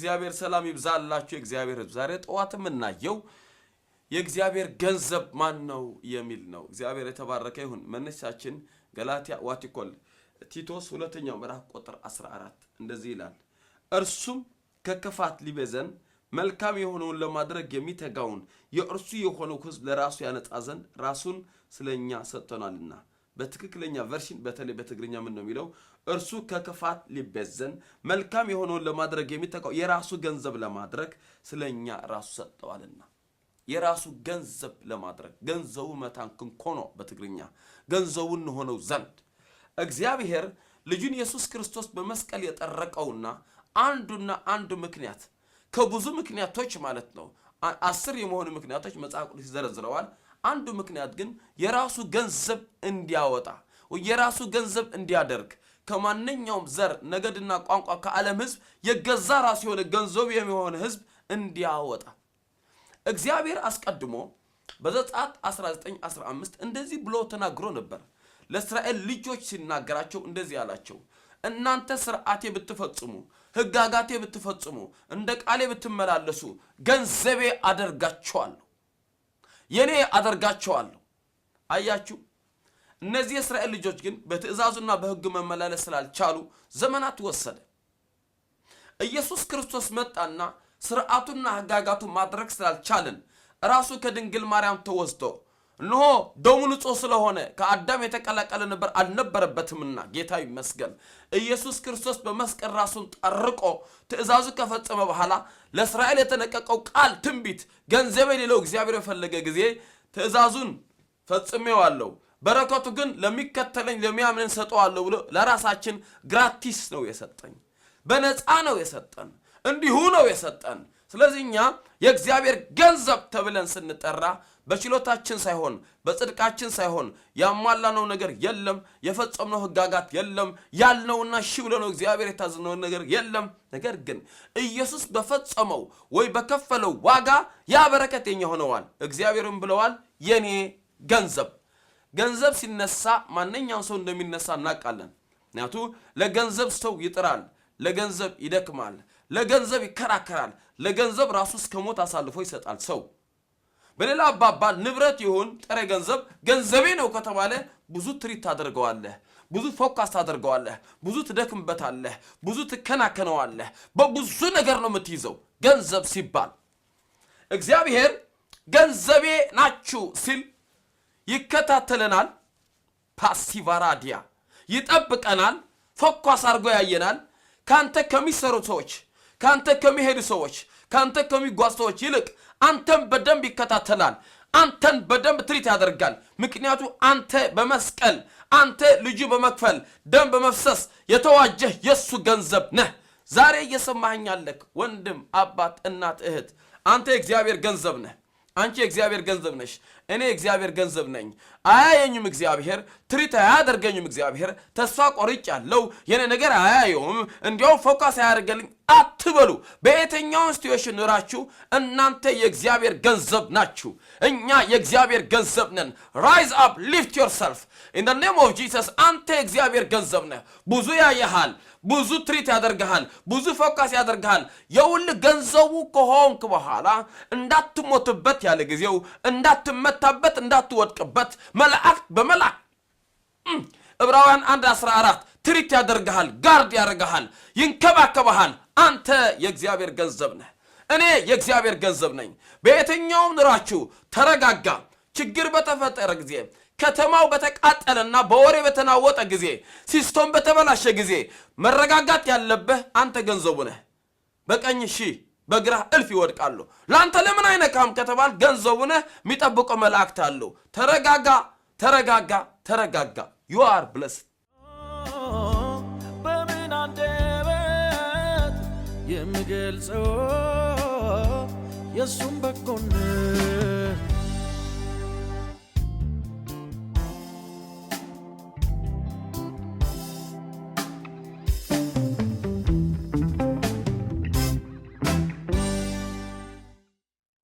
የእግዚአብሔር ሰላም ይብዛላችሁ። የእግዚአብሔር ሕዝብ ዛሬ ጠዋት የምናየው የእግዚአብሔር ገንዘብ ማን ነው የሚል ነው። እግዚአብሔር የተባረከ ይሁን። መነሻችን ገላትያ ዋቲኮል ቲቶስ ሁለተኛው ምዕራፍ ቁጥር 14 እንደዚህ ይላል። እርሱም ከክፋት ሊበዘን መልካም የሆነውን ለማድረግ የሚተጋውን የእርሱ የሆነው ሕዝብ ለራሱ ያነጻ ዘንድ ራሱን ስለኛ ሰጥቶናልና በትክክለኛ ቨርሽን በተለይ በትግርኛ ምን ነው የሚለው? እርሱ ከክፋት ሊበዘን መልካም የሆነውን ለማድረግ የሚተካው የራሱ ገንዘብ ለማድረግ ስለኛ ራሱ ሰጠዋልና የራሱ ገንዘብ ለማድረግ ገንዘቡ መታን ክንኮኖ በትግርኛ ገንዘቡን ሆነው ዘንድ እግዚአብሔር ልጁን ኢየሱስ ክርስቶስ በመስቀል የጠረቀውና አንዱና አንዱ ምክንያት ከብዙ ምክንያቶች ማለት ነው አስር የመሆኑ ምክንያቶች መጽሐፍ ቅዱስ ይዘረዝረዋል። አንዱ ምክንያት ግን የራሱ ገንዘብ እንዲያወጣ የራሱ ገንዘብ እንዲያደርግ ከማንኛውም ዘር ነገድና ቋንቋ ከዓለም ህዝብ የገዛ ራሱ የሆነ ገንዘብ የሚሆነ ህዝብ እንዲያወጣ እግዚአብሔር አስቀድሞ በዘጸአት 19:15 እንደዚህ ብሎ ተናግሮ ነበር። ለእስራኤል ልጆች ሲናገራቸው እንደዚህ አላቸው፣ እናንተ ስርዓቴ ብትፈጽሙ፣ ህጋጋቴ ብትፈጽሙ፣ እንደ ቃሌ ብትመላለሱ ገንዘቤ አደርጋቸዋለሁ የኔ አደርጋቸዋለሁ። አያችሁ፣ እነዚህ የእስራኤል ልጆች ግን በትእዛዙና በሕጉ መመላለስ ስላልቻሉ ዘመናት ወሰደ። ኢየሱስ ክርስቶስ መጣና ስርዓቱና ሕጋጋቱ ማድረግ ስላልቻልን ራሱ ከድንግል ማርያም ተወስዶ እንሆ ደሙ ንጹሕ ስለሆነ ከአዳም የተቀላቀለ ነበር አልነበረበትምና፣ ጌታ ይመስገን። ኢየሱስ ክርስቶስ በመስቀል ራሱን ጠርቆ ትእዛዙ ከፈጸመ በኋላ ለእስራኤል የተነቀቀው ቃል ትንቢት ገንዘብ የሌለው እግዚአብሔር በፈለገ ጊዜ ትእዛዙን ፈጽሜዋለሁ፣ በረከቱ ግን ለሚከተለኝ ለሚያምንን ሰጠዋለሁ ብሎ ለራሳችን ግራቲስ ነው የሰጠኝ፣ በነፃ ነው የሰጠን፣ እንዲሁ ነው የሰጠን። ስለዚህ እኛ የእግዚአብሔር ገንዘብ ተብለን ስንጠራ በችሎታችን ሳይሆን በጽድቃችን ሳይሆን ያሟላነው ነገር የለም፣ የፈጸምነው ህጋጋት የለም፣ ያልነውና ሺ ብለነው እግዚአብሔር የታዘነው ነገር የለም። ነገር ግን ኢየሱስ በፈጸመው ወይ በከፈለው ዋጋ ያ በረከት የኛ ሆነዋል። እግዚአብሔርም ብለዋል የኔ ገንዘብ። ገንዘብ ሲነሳ ማንኛውም ሰው እንደሚነሳ እናውቃለን። ምክንያቱ ለገንዘብ ሰው ይጥራል፣ ለገንዘብ ይደክማል፣ ለገንዘብ ይከራከራል፣ ለገንዘብ ራሱ እስከ ሞት አሳልፎ ይሰጣል ሰው በሌላ አባባል ንብረት ይሁን ጥሬ ገንዘብ ገንዘቤ ነው ከተባለ ብዙ ትሪት ታደርገዋለህ፣ ብዙ ፎካስ ታደርገዋለህ፣ ብዙ ትደክምበታለህ፣ ብዙ ትከናከነዋለህ። በብዙ ነገር ነው የምትይዘው ገንዘብ ሲባል። እግዚአብሔር ገንዘቤ ናችሁ ሲል ይከታተለናል፣ ፓሲቫራዲያ ይጠብቀናል፣ ፎኳስ አድርጎ ያየናል። ካንተ ከሚሰሩ ሰዎች፣ ካንተ ከሚሄዱ ሰዎች ከአንተ ከሚጓዝ ሰዎች ይልቅ አንተን በደንብ ይከታተላል። አንተን በደንብ ትሪት ያደርጋል። ምክንያቱ አንተ በመስቀል አንተ ልጁ በመክፈል ደም በመፍሰስ የተዋጀህ የእሱ ገንዘብ ነህ። ዛሬ እየሰማኸኝ ወንድም፣ አባት፣ እናት፣ እህት አንተ የእግዚአብሔር ገንዘብ ነህ። አንቺ የእግዚአብሔር ገንዘብ ነሽ። እኔ እግዚአብሔር ገንዘብ ነኝ። አያየኝም እግዚአብሔር፣ ትሪት አያደርገኝም እግዚአብሔር፣ ተስፋ ቆርጭ ያለው የኔ ነገር አያየውም፣ እንዲያውም ፎካስ አያደርገልኝ አትበሉ። በየትኛውን ሲትዌሽን ኖራችሁ እናንተ የእግዚአብሔር ገንዘብ ናችሁ። እኛ የእግዚአብሔር ገንዘብ ነን። ራይዝ አፕ ሊፍት ዮር ሰልፍ ኢን ኔም ኦፍ ጂሰስ። አንተ የእግዚአብሔር ገንዘብ ነህ። ብዙ ያየሃል፣ ብዙ ትሪት ያደርግሃል፣ ብዙ ፎካስ ያደርግሃል። የውል ገንዘቡ ከሆንክ በኋላ እንዳትሞትበት ያለ ጊዜው እንዳትመት እንዳትመታበት እንዳትወድቅበት መላእክት በመላክ ዕብራውያን 1 14 ትሪት ያደርግሃል፣ ጋርድ ያደርግሃል፣ ይንከባከበሃል። አንተ የእግዚአብሔር ገንዘብ ነህ። እኔ የእግዚአብሔር ገንዘብ ነኝ። በየትኛውም ኑራችሁ ተረጋጋ። ችግር በተፈጠረ ጊዜ ከተማው በተቃጠለና በወሬ በተናወጠ ጊዜ ሲስቶም በተበላሸ ጊዜ መረጋጋት ያለብህ አንተ ገንዘቡ ነህ። በቀኝ ሺህ በግራህ እልፍ ይወድቃሉ። ለአንተ ለምን አይነካም ከተባል ገንዘቡ ነህ። መላእክት አሉ። ተረጋጋ፣ ተረጋጋ፣ ተረጋጋ። ዩ አር በምን አንደበት የምገልጸው የእሱም በጎነት